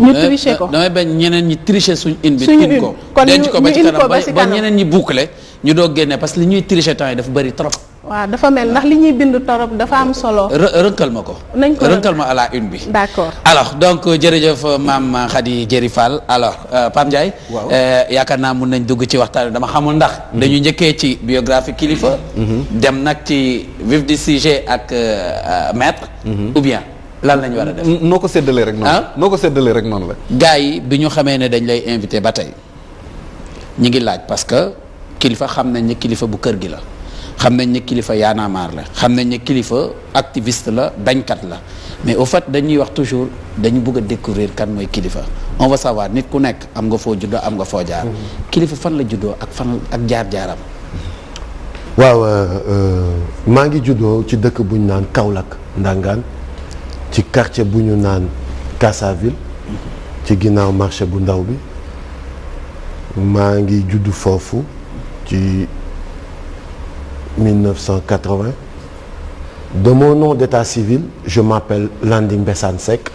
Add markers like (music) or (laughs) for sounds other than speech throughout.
ñu tricher ko damay bañ ñeneen ñi tricher suñ in bi in ko denc ko ba ci kanam ba ñeneen ñi boucler ñu doog génne parce que li ñuy tricher temps yi dafa bëri trop waaw dafa mel ndax li ñuy bind torop dafa am solo. rënkal ma ko. nañ ko rënkal ma à la une bi. d'accord alors donc jërëjëf maam Khady jëri Fall alors euh, Pam Ndiaye. waaw euh, yaakaar naa mun nañ dugg ci waxtaan dama xamul ndax. Mhm. dañu njëkkee ci biographie kilifa. Mhm. dem nag ci vif du sujet ak euh, maître. Mhm. ou bien. lan lañ war a def noo ko séddalee rek noonu ah noo ko séddalee noonu la gars yi bi ñu xamee ne dañ lay invité ba tey ñi ngi laaj parce que kilifa xam nañ ni kilifa bu kër gi la xam nañ ni kilifa yaanaamaar la xam nañ ne kilifa activiste la bañkat la mais au fat dañuy wax toujours dañu bëgg a découvrir kan mooy kilifa on va nit ku nekk am nga foo juddoo am nga foo jaar mm-hmm. kilifa fan la juddoo ak fan ak jaar-jaaram waaw euh, euh, maa ngi juddoo ci dëkk buñ naan Kaolack ndangaan ci quartier bu ñu naan Kassaville ci ginnaaw marché bu ndaw bi maa ngi juddu foofu ci 1980 de mon nom d'état civil je m'appelle Landing Mbessane Seck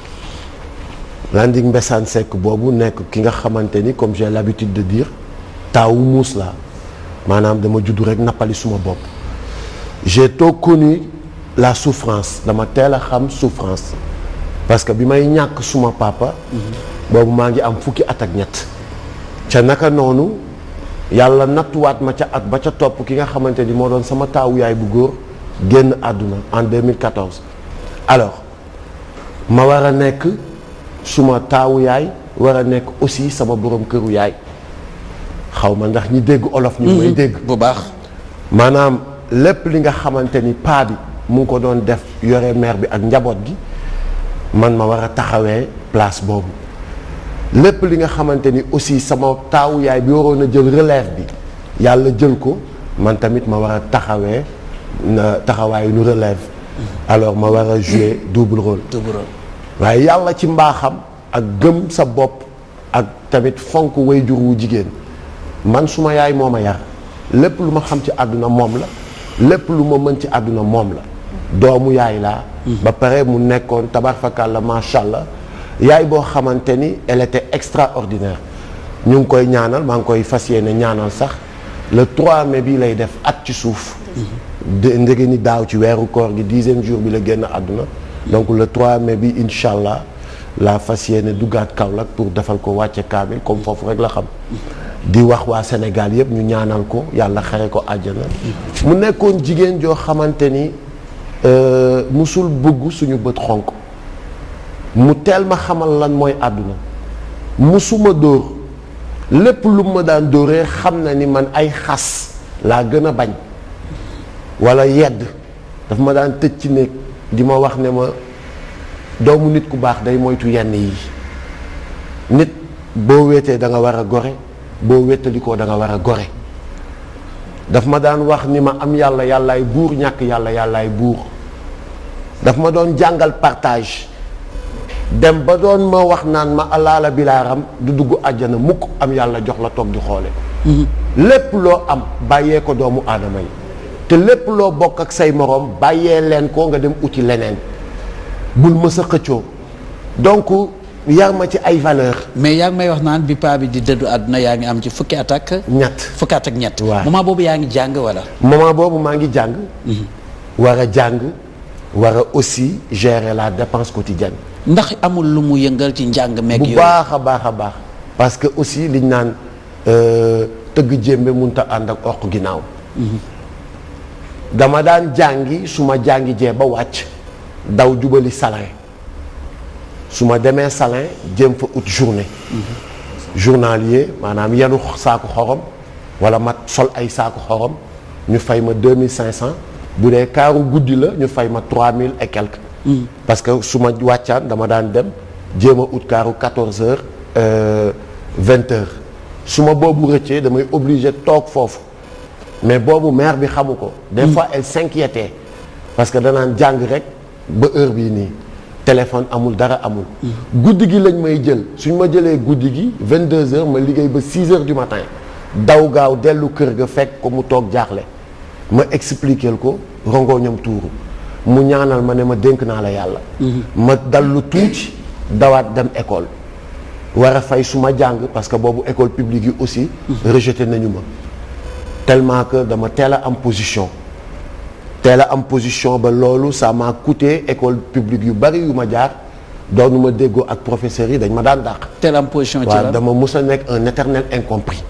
Landing Mbessane Seck boobu nekk ki nga xamante ni comme j'ai l'habitude de dire taawu muus la maanaam dama juddu rek nappali suma bopp j'ai tout connu la souffrance dama teel a xam souffrance parce que bi may ñàkk suma papa boobu maa ngi am fukki at ak ñett ca naka noonu yàlla nattuwaat ma ca at ba ca topp ki nga xamante ni moo doon sama taawu yaay bu góor génn àdduna en 2014 alors ma war a nekk suma taawu yaay war a nekk aussi sama borom këru yaay xaw ma ndax ñi dégg olof ñu may mhm. dégg bu baax maanaam lépp li nga xamante ni paa mu ngi ko doon def yore maire bi ak njaboot gi man ma war a taxawee place boobu lépp li nga xamante ni aussi sama taawu yaay bi waroon a jël relève bi yàlla jël ko man tamit ma war a taxawee taxawaay taxawaayu nu relève alors ma war a jouer double rôle waaye yàlla ci mbaaxam ak gëm sa bopp ak tamit fonk waajur wu jigéen man suma yaay moo ma yar lépp lu ma xam ci àdduna moom la lépp lu ma mën ci àdduna moom la doomu yaay laa. Mhm. ba pare mu nekkoon tabarfakalla macha allah yaay boo xamante ni elle était extraordinaire ñu ngi koy ñaanal maa ngi koy fas yéene ñaanal sax le 3 mais bi lay def at ci suuf. Mhm. ndege ni daaw ci weeru koor gi dixième jour bi la génn àdduna. donc le 3 mai bi incha allah la fas yéene duggaat Kaolack pour defal ko wàcce kaamil comme foofu rek la xam. di wax waa Sénégal yëpp ñu ñaanal ko yàlla xare ko àjjana. Mhm. mu nekkoon jigéen joo xamante musul bëgg suñu bët xonk mu teel ma xamal lan mooy àdduna musuma dóor lépp lu ma daan dóoree xam na ni man ay xas laa gën a bañ walla yedd daf ma daan tëj ci néeg di ma wax ne ma doomu nit ku baax day moytu yenn yi nit boo wéetee danga war a gore boo wéttalikoo da nga war a gore daf ma daan wax ni ma am yàlla yàllaay buur ñàkk yàlla yàllaay buur daf ma doon jàngal partage dem ba doon ma wax naan ma alaala bilaaram du dugg àjjana mukk am yàlla jox la toog di xoole mhm. lépp loo am bàyyee ko doomu aadama yi te lépp loo bokk ak say moroom bàyyee leen ko nga dem uti leneen bul ma sëqatoo xëccoo donc yar ma ci ay valeur mais yaa ngi may wax naan bi paa bi di dëddu àdduna yaa ngi am ci fukki at ak ñett fukki at boobu yaa ngi jàng wala moment boobu maa ngi jàng mhm. war a jàng war aussi gere la dépense quotidienne ndax amul lu mu yëngal ci njàng meeg yooyu bu baax a baax a baax parce que aussi liñ naan euh, tëgg jéembe munta ànd ak oq ginnaaw dama daan jàngi su ma jàngi jee ba wàcc daw jubali salin su ma demee salin jéem fa ut journée journalier maanaam yenu saaku xorom wala mat sol ay saaku xorom ñu fay ma deux mille cinq cents bu dee kaaru guddi la ñu fay ma mille et quelque. Mm. parce que su ma wàccaan dama daan dem jéem a ut kaaru 14 heures euh, 20 heures su ma boobu rëccee damay obligé toog foofu mais boobu maire bi xamu ko. des mm. fois elle s'inquiétait parce que danaan jàng rek ba heure bii nii téléphone amul dara amul. Mm. guddi gi lañ may jël suñ ma jëlee guddi gi vingt deux heures ma liggéey ba 6 heures du matin daw gaaw dellu kër ga fekk ko mu toog jaaxle. ma expliquer ko rongoo ñoom tuuru mu ñaanal ma ne ma dénk naa la yàlla mhm. ma dal lu tuuti dawaat dem école war a fay su ma jàng parce que boobu école publique yi aussi mhm. rejeté nañu ma tellement que dama teel a am position teel a am position ba loolu ça m'a coûté école publique yu bari yu ma jaar doonu ma déggoo ak professeurs yi dañ ma daan dàq teel am position ci la dama mus a nekk un éternel incompris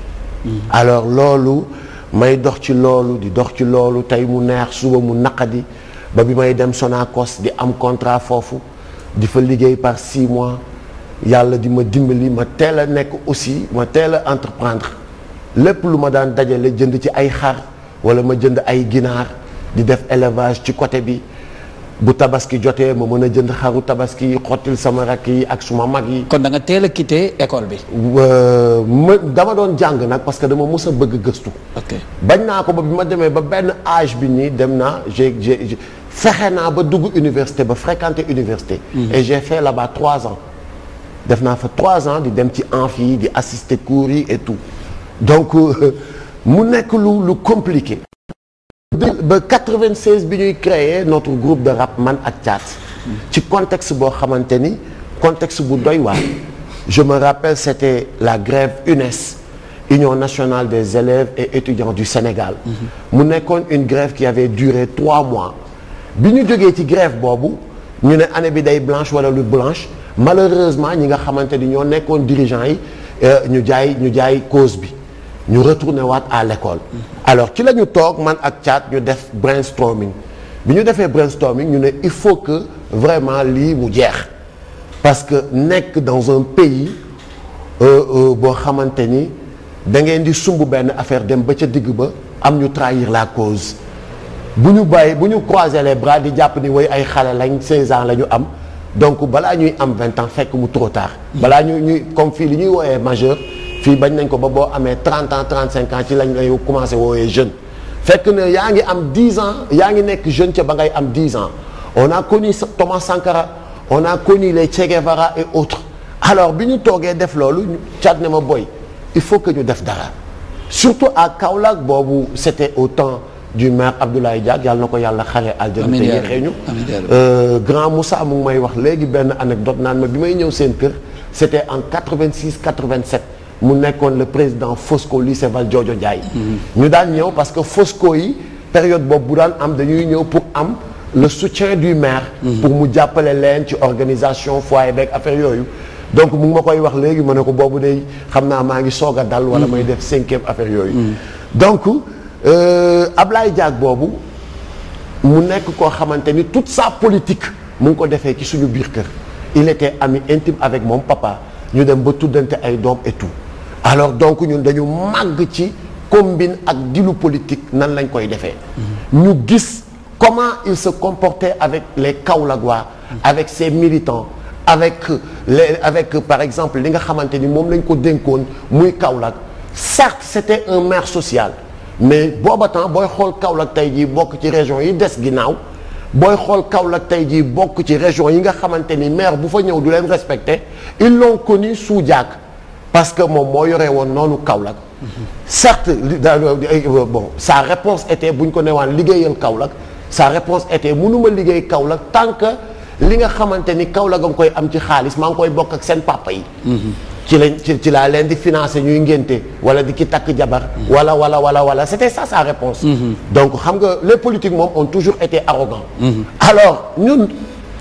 mhm. alors loolu may dox ci loolu di dox ci loolu tey mu neex suba mu naqadi ba bi may dem Sonacos di am contrat foofu di fa liggéey par six mois yàlla di ma dimbali ma teel a nekk aussi ma teel a entreprendre lépp lu ma daan dajale jënd ci ay xar wala ma jënd ay ginaar di def élevage ci côté bi bu tabaski jotee ma mën a jënd xaru tabaski yi xottil sama rakk yi ak suma mag yi. kon da nga teel a quitté école bi. ma dama doon jàng nag parce que dama mës a bëgg gëstu. ok bañ naa ko ba bi ma demee ba benn age bi nii dem naa j'ai fexe naa ba dugg université ba fréquenter université. Mm-hmm. et j'ai fait là-bas trois ans. def naa fa trois ans di dem ci amphi di assister cours yi et tout donc euh, mu nekk lu lu compliquer ba 96 bi ñuy créer notre groupe de rap man ak Thiat ci contexte boo xamante ni contexte bu doy waar je me rappelle c'était la grève UNES Union nationale des élèves et étudiants du Sénégal mu nekkoon une grève qui avait duré trois mois bi ñu jógee ci grève boobu ñu ne année bi day blanche wala lu blanche malheureusement ñi nga xamante ni ñoo nekkoon dirigeants yi euh, ñu jaay ñu jaay cause bi ñu retourné waat à l'école alors ci la ñu toog man ak Thiat ñu def brainstorming bi ñu defee brainstorming ñu ne il faut que vraiment lii mu jeex parce que nekk dans un pays euh, euh, boo xamante ni da ngeen di sumb benn affaire dem ba ca digg ba am ñu trahir la cause bu ñu bàyyi bu ñu croiser lee bras di jàpp ni way ay xale lañ 16 ans la ñu am donc balaa ñuy am vingt ans fekk mu trop tard. balaa ñuy ñuy comme fii li ñuy woowee majeur. fii bañ nañ ko ba boo amee 30 ans 35 ans ci lañ lay commencé wooyee jeune fekk ne yaa ngi am 10 ans yaa ngi nekk jeune ca ba ngay am 10 ans on ko connu Thomas Sankara on a connu les lay Guevara et autres alors bi ñu toogee def loolu caat ne ma boy il faut que ñu def dara surtout à Kaolack boobu c'était au temps du maire Abdoulaye Diack yàlla na ko yàlla xare aljana te yéexee ñu euh, grand Moussa mu ngi may wax léegi benn anecdote naan ma bi may ñëw seen kër c'était en 86 87 mu nekkoon le président Fosco lycée Valdiodio njaay mhm. ñu daan ñëw parce que Fosco yi période boobu bu daan am dañuy ñëw pour am le soutien du maire. Mhm. pour mu jàppale leen ci organisation foyer beeg affaire yooyu. donc mu ngi ma koy wax léegi ma ne ko boobu day xam naa maa ngi soog a dal. wala mhm. may def cinquième affaire yooyu. donc euh, Ablaye jaag boobu mu nekk koo xamante ni toute sa politique mu ngi ko defee ci suñu biir kër. il était ami intime avec moom papa ñu dem ba tuddante ay doom et alors donc ñun dañu màgg ci combine ak dilu politique nan lañ koy defee ñu gis comment il se comportait avec les Kaolack avec ses militants avec les avec par exemple li nga xamante ni moom lañ ko dénkoon muy Kaolack certes c'était un maire sociale mais booba temps booy xool Kaolack tey jii bokk ci région yi des ginnaaw booy xool Kaolack tey jii bokk ci région yi nga xamante ni maire bu fa ñëw du leen respecté il l'ont connu sous Diack parce que moom moo yore woon noonu Kaolack certes bon sa réponse était bu ñu ko newaan liggéeyal Kaolack sa réponse était mënuma liggéey Kaolack tant que li nga xamante ni kaw Kaolack nga koy am ci xaalis maa ngi koy bokk ak seen papa yi ci lañ ci laa leen di financé ñuy ngénte wala di ki takk jabar wala wala wala wala c'était ça sa réponse mm-hmm. donc xam nga les politiques moom on toujours été arrogants mm-hmm. alors ñun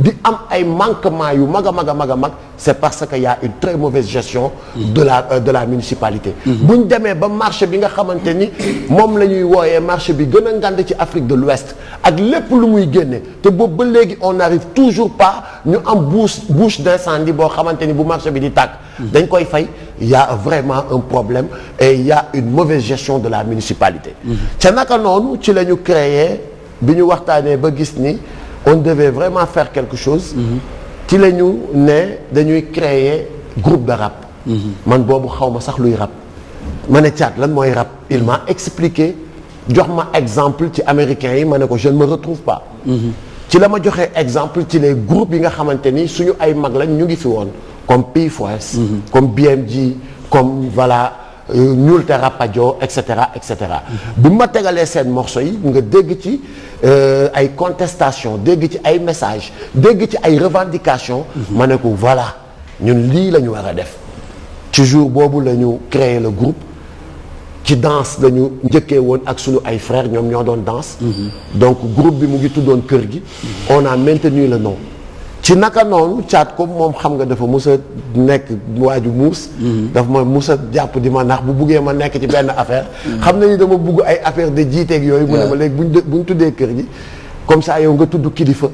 di am ay manquements yu mag a mag a mag a mag c'est parce que y a une très mauvaise gestion de la euh, de la municipalité mm-hmm. bu ñu demee ba marché bi nga xamante ni moom la ñuy wooyee marché bi gën a ngand ci Afrique de l'Ouest ak lépp lu muy génne te boobu ba léegi on n'arrive toujours pa ñu am bouche bouche d'incendie boo xamante ni bu marché bi di tàkk mm-hmm. dañ koy fay y vraiment un problème et il une mauvaise gestion de la municipalité mm-hmm. ca naka noonu ci la ñu créer bi ñu waxtaanee ba gis ni on devait vraiment faire quelque chose ci la ñu ne dañuy créer groupe de rap man boobu xaw ma sax luy rap ma ne caat lan mooy rap il m'a expliqué jox ma exemple ci américains yi ma ne ko je ma me retrouve pas ci la ma joxee exemple ci les groupes yi nga xamante ni suñu ay mag lañ ñu ngi fi woon comme P4S comme BMG comme voilà ñuul euh, te rapajo et cetera et cetera mhm. bi ma tegalee seen morceau yi nga dégg ci euh, ay contestation dégg ci ay message dégg ci ay revendication mhm. ma ne ko voilà ñun lii lañu war a def ci jour boobu la ñu créer le groupe ci danse lañu njëkkee woon ak sunu ay frères ñoom ñoo doon danse mhm. donc groupe bi mu ngi tuddoon kër gi on naa maintenu la nom ci naka noonu caat ko moom xam nga dafa musa a nekk waaju muus dafa ma mus jàpp di ma nax bu buggee ma nekk ci benn affaire xam nañu dama bugg ay affaire de jiiteek yooyu mu ne ma léegi buñ bu ñu tuddee kër gi comme ça yow nga tudd kilifa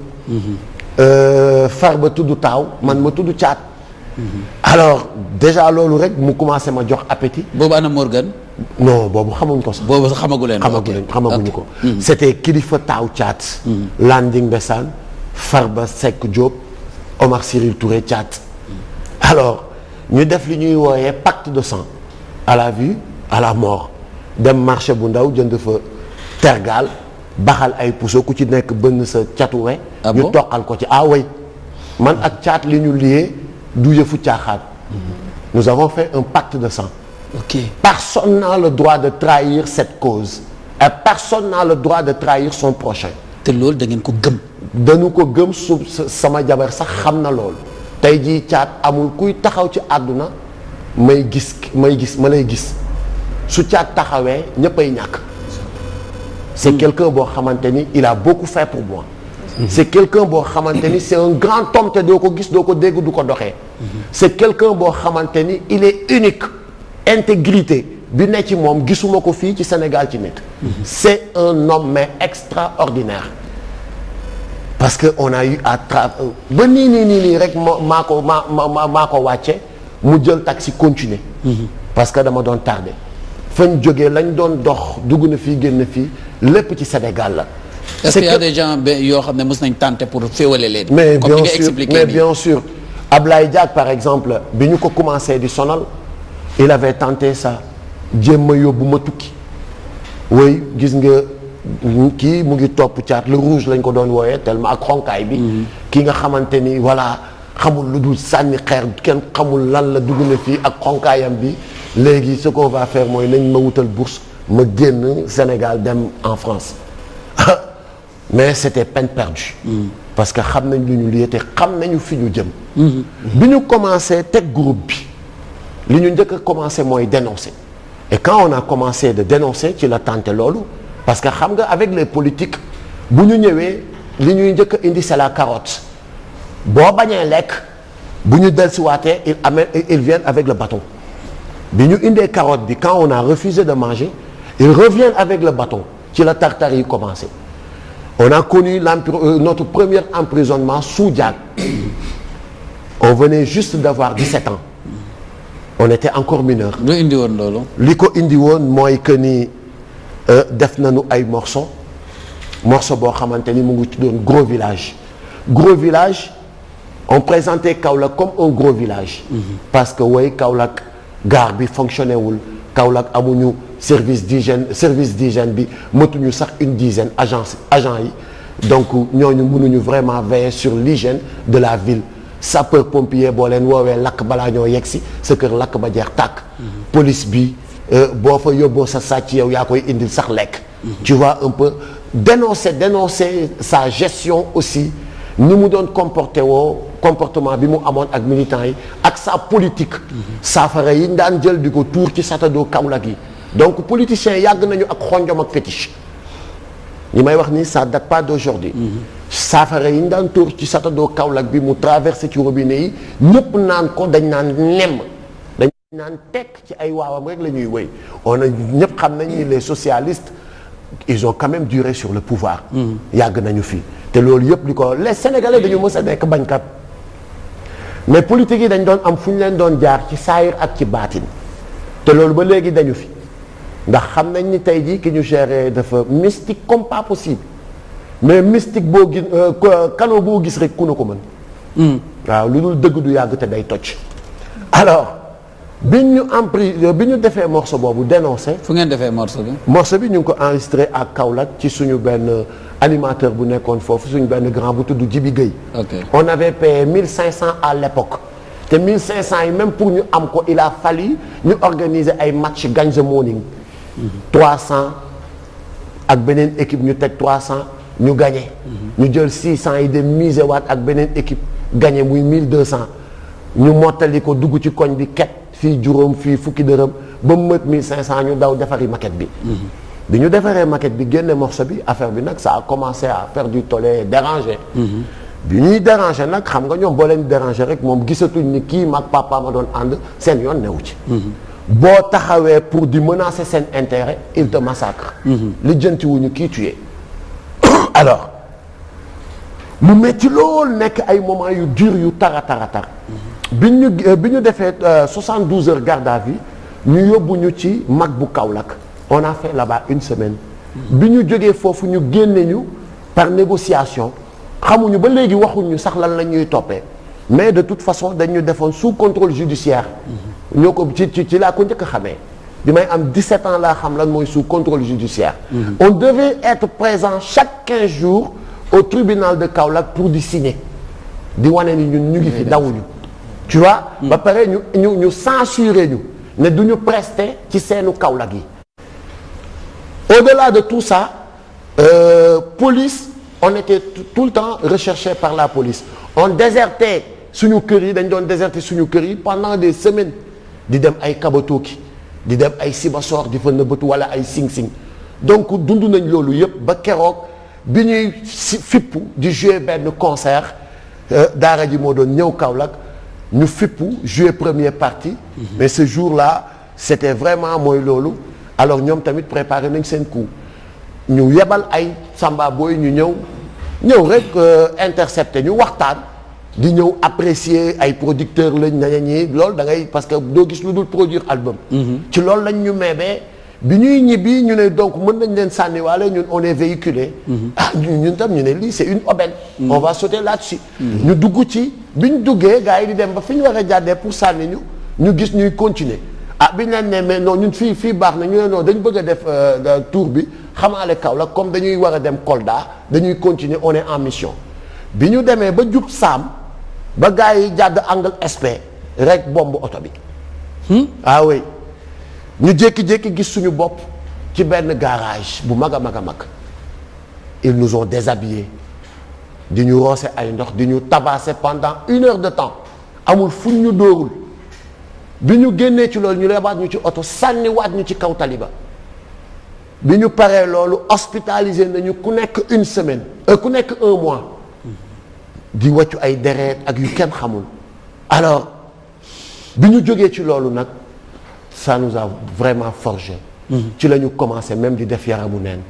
euh, far ba tudd taaw man ma tudd caat alors déjà loolu rek mu commencer ma jox appétit boobu ana Morgan non boobu xamuñ ko sax boobu xamagu leen xamagu leen xamaguñu ko mm-hmm. c'était kilifa taaw caat mm-hmm. landing besaan Farba Seck Diop Omar Cyril Touré Thiat alors ñu def li ñuy wooyee pacte de sang à la vue à la mort dem marché bu ndaw jënd fa tergal baxal ay puso ku ci nekk bënn sa catuwe ah ñu toqal ko ci away ah man ak Thiat li ñu lié du yëfu caaxaan nous avons fait un pacte de sang ok personne n'a le droit de trahir cette cause et personne n'a le droit de trahir son prochain te loolu da ko gëm. dañu ko gëm su sama jabar sax xam na loolu tey jii caat amul kuy taxaw ci àdduna may gis may gis ma lay gis su caat taxawee ñëppay ñàkk. c'est mm. quelqu'un boo xamante ni illa a beaucoup fait pour moi. Mm-hmm. c'est quelqu'un boo xamante ni c'est un grand homme te doo ko gis doo ko dégg du ko doxee. Mm-hmm. c'est quelque boo xamante ni il est unique. intégrité. bi nekk ci moom gisuma ko fii ci Sénégal ci nit c'est un homme mais extraordinaire parce que on a eu à tra ba nii nii nii rek ma maa ko ma ma maa ko wàcce mu jël taxi continuer parce que dama doon tardé fañ jógee lañ doon dox dugg na fii génn fii lépp ci Sénégal la est-ce qu'il y yoo xam ne mës nañ tenté pour féewale leen mais bien sûr mais bien sûr Ablaye par exemple bi ñu ko commencé di sonal il avait tenté ça jéem a yóbbu ma tukki way gis nga kii mu ngi topp caat le rouge lañ ko doon wooyee tellement ak xonkaay bi mm-hmm. ki nga xamante ni voilà xamul lu dul sànni xeer kenn xamul lan la dugg na fii ak xonkaayam bi léegi ce qu'on va faire mooy nañ ma wutal bourse ma génn Sénégal dem en France (laughs) mais c'était peine perdue mm-hmm. parce que xam nañ lu ñu lii te xam nañu fi ñu jëm mm-hmm. bi ñu commencé teg groupe bi li ñu njëkk a commencé mooy dénoncer et quand on a commencé de dénoncer ci la tenté loolu parce que xam nga avec les politiques bu ñu ñëwee li ñuy njëkk indi c'est la carotte boo bañee lekk bu ñu dellusiwaatee il amène il vient avec le bâton bi ñu indee carotte bi quand on a refusé de manger il revient avec le bâton ci la tartare yi commencé on a connu l'empr euh, notre premier emprisonnement sous Diack on venait juste d'avoir 17 ans on était encore mineur. indi woon loolu. li ko indi woon mooy que ni euh, def nañu ay morso morso boo xamante ni mu ngi ci doon gros village gros village on présentait Kaolack comme un gros village. Mm-hmm. parce que woy Kaolack gar bi fonctionné wul Kaolack amuñu service d'hygiène service d'hygiène bi matuñu sax une dizaine agence agent yi donc ñooñu mënuñu vraiment veiller sur l'hygiène de la ville. sapeur pompier boo leen woowee lakk balaa ñoo yegg si sa kër lakk ba jeex tàkk. police bi euh, boo fa yóbboo sa sàcc yow yaa koy indil sax lekk. tu vois un peu sa gestion aussi ni mu doon comporté woo comportement bi mu amoon ak militants yi ak sa politique. saafara yi ñu daan jël di ko tuur ci satado Kaolack yi. donc politiciens yàgg nañu ak xonjom ak fétiche ñi may wax ni ça date pas d'aujourd'hui. saafara yi ñu daan tóor ci satadoo Kaolack bi mu traversé ci robinet yi ñëpp naan ko dañ naan nemm dañ naan tekk ci ay waawam rek la ñuy wéy on a ñëpp xam nañ ni les socialistes ils ont quand même duré sur le pouvoir mm. yàgg nañu fi te loolu yëpp li ko les sénégalais dañu mës a nekk bañkat mais politique yi dañ doon am fu ñu leen doon jaar ci saayir ak ci baatin te loolu ba léegi dañu fi ndax xam nañ ni tey jii ki ñu géré dafa mystique comme pas possible mais mystique boo gis euh, canot boo gis rek ku na ko mën. Hmm. waaw lu dul dëgg du yàgg te day toj. alors bi ñu empris euh, bi ñu defee morceau boobu dénoncé. fu ngeen defee morceau bi. morceau bi ñu ngi ko enregistré ak Kaolack ci suñu benn euh, animateur bu nekkoon foofu suñu benn grand bu tudd Jibi Gueye. ok on avait payé 1500 à l'époque te 1500 yi même pour ñu am ko il a fallu ñu organiser ay match gagne the morning. 300 mhm. ak beneen équipe ñu teg 300. ñu gañe mhm. ñu jël 600 yi de mise waat ak beneen équipe gañe muy 1200 ñu mottali ko dugg ci koñ bi ket fii juróom fii fukki dërëm ba mu mët 1500 ñu daw defari maquette bi. Mhm. bi ñu defaree maquette bi génne morceau bi affaire bi nag saa ça a commencé à faire du tollé déranger. Mhm. bi ñuy déranger nag xam nga ñoom boo leen déranger rek moom gisatuñ ni kii mag papa ma doon ànd seen yoon newu ci. boo taxawee pour di menacer seen intéret il te massacre. lijjantiwuñu kii tuye. alors mu metti lool nekk ay moment yu dur yu tara tara tar bi ñu euh, bi ñu defee 72 euh, heures garde à vue ñu yóbbu ñu ci mag bu Kaolack on a fait là-bas une semaine bi ñu jógee foofu ñu génne ñu par négociation xamuñu ba léegi waxuñu sax lan la ñuy toppee mais de toute façon dañu defoon sous contrôle judiciaire ñoo ko ci ci ci laa ko njëkk a xamee di may am 17 ans la xam lan mooy su contrôle judiciaire mmh. on devait être présent chaque 15 jours au tribunal de Kaolack pour di signer di wane ni ñun ñu ngi fi dawuñu tu vois mhm. ba pare ñu ñu ñu censuré ñu ne du ñu prester ci seenu Kaolack yi au-delà de tout ça euh, police on était tout le temps recherché par la police on désertait suñu kër yi dañ doon déserté suñu kër yi pendant des semaines di dem ay Kabatoki di dem ay Sibassor di fa bëtu wala ay Sing Sing donc dund nañ loolu yëpp ba keroog bi ñuy si fippu di jouer benn concert euh, daara ji moo doon ñëw Kaolack ñu fippu jouer premier partie. Mhm. mais ce jour-là c'était vraiment mooy loolu alors ñoom tamit préparer nañ seen coup ñu yebal ay samba booy ñu ñëw ñëw rek euh, intercepté ñu waxtaan. di ñëw apprécier ay producteurs lañ naña ñi loolu da ngay parce que doo gis lu dul produire album mhm. ci loolu lañ ñu meebee bi ñuy ñibbi ñu ne donc mën nañ leen sànniwaale ñun on est véhiculé mhm. ah ñun tam ñu ne lii c'est une aubaine mhm. on va sauter là-dessus ñu dugg ci bi ñu duggee gars yi di dem ba fi ñu war a jàddee pour sànni ñu ñu gis ñuy continuer ah bi ñu leen ne mais non ñun fii fii baax na ñu ne non dañu bëgg a def euh, euh, tour bi xamaale Kaolack comme dañuy war a dem Kolda dañuy continuer on est en mission bi ñu demee ba jub saam ba gars yi jàdd angle espe rek bomb oto bi. Hmm? ah oui ñu jékki-jékki gis suñu bopp ci benn garage bu mag a mag a mag ils nous ont déshabillés di ñu roose ay ndox di ñu tabasser pendant une heure de temps amul fu ñu dóorul bi ñu génnee ci loolu ñu lebaat ñu ci oto sànniwaat ñu ci kaw taliba bi ñu paree loolu hospitalisé nañu ku nekk une semaine euh, ku nekk un mois. di wàccu ay deret ak yu kenn xamul alors bi ñu jógee ci loolu nag ça nous a vraiment forgé mhm. ci la ñu commencé même di def yaramu neen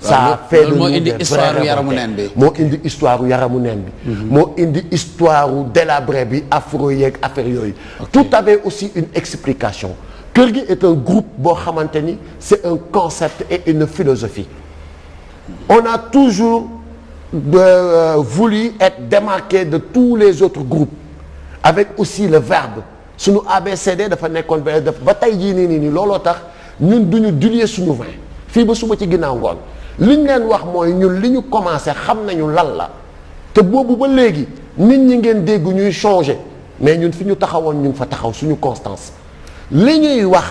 sa fait moo indi histoire yaramu neen bi moo indi histoire yaramu neen bi mhm. moo indi histoire délabré bi afro yeeg affaire yooyu tout avait aussi une explication kër gi est un groupe boo xamante ni c'est un concept et une philosophie on a toujours de euh, voulu être démarqué de tous les autres groupes avec aussi le verbe suñu ABCD dafa nekkoon ba def ba tey jii nii nii nii looloo tax ñun duñu ñu suñu vin fii ba suba ci ginnaaw ngoon liñ leen wax mooy ñun li ñu commencé xam nañu lan la te boobu ba léegi nit ñi ngeen dégg ñuy changé mais ñun fi ñu taxawoon ñu fa taxaw suñu constance li ñuy wax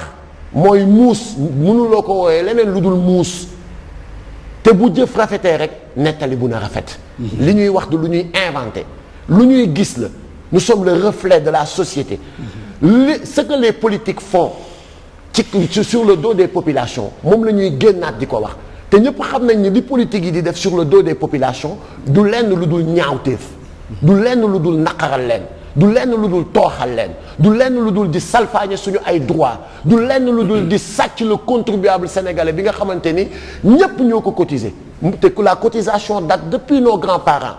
mooy muus mënuloo ko wooyee leneen lu dul muus te bu jëf rafetee rek nettali bu na rafet. li ñuy wax du lu ñuy inventé lu ñuy gis la nous sommes le reflet de la société. li ce que les politiques font ci sur le dos des populations moom la ñuy génnaat di ko wax te ñëpp xam nañ ni li politique yi di def sur le dos des populations du lenn lu dul ñaawteef. du lenn lu dul naqaral leen. du lenn lu dul tooxal leen du lenn lu dul di salfaañe suñu ay droit du lenn lu dul di sàcc le contribuable sénégalais bi nga xamante ni ñépp ñoo ko cotiser te la cotisation date depuis nos grands-parents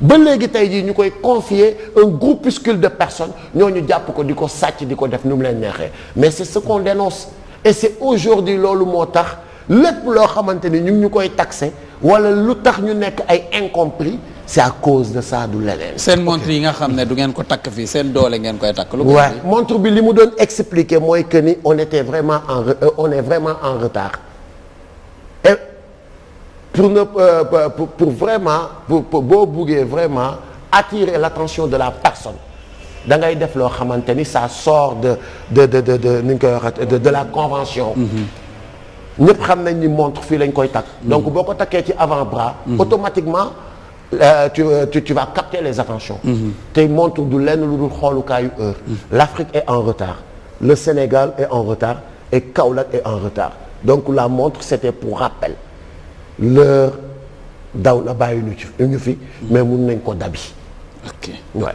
ba léegi tey jii ñu koy confier un groupuscule de personnes ñu jàpp ko di ko sàcc di ko def nu leen neexee mais c'est ce qu'on dénonce et c'est aujourd'hui loolu moo tax lépp loo xamante ni ñu ñu koy taxé wala lu tax ñu nekk ay incompris c'est à cause de ça du leneen. seen montre yi nga xam ne du ngeen ko takk fii seen doole ngeen koy takk. lu waaw montre bi li mu doon expliquer mooy que ni on était vraiment en re... Euh, on est en retard et pour ne euh, pour, pour vraiment pour boo buggee vraiment attirer l'attention de la personne. da ngay def loo xamante ni ça sort de de de de de ni ñu koy waxee de de la convention. mm ñëpp xam nañ ni montre fii lañ koy takk. Mm-hmm. donc boo ko takkee ci avant bras. Mm-hmm. automatiquement euh, tu, euh, tu tu vas capter les attentions. Mm-hmm. te montre du lenn lu dul xoolukaayu heure. l'Afrique est en retard. le Sénégal et en retard et Kaolack et en retard donc la montre c'était pour rappel l'heure daw la bàyyi ñu ci ñu fi mais mun nañ ko dabi. ok ok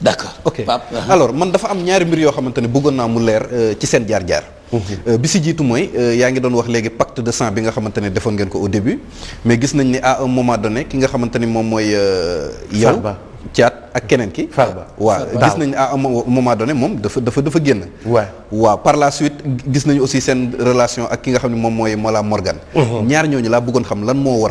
d'accord. ok uh-huh. alors man dafa am ñaari mbir yoo xamante ne bëggoon naa mu leer euh, ci seen jaar-jaar. Euh, bi si jiitu mooy euh, yaa ngi doon wax léegi pacte de sang bi nga xamante ne defoon ngeen ko au début mais gis nañ ni a un moment donné ki nga xamante ni moom mooy euh, yow caat ak keneen ki Farba gis nañ a un moment donné moom dafa dafa dafa génn waa waaw par la suite gis nañu aussi seen relation ak ki nga xam ne moom mooy Mollah Morgan mm-hmm. ñaar ñooñu laa bëggoon xam lan moo waral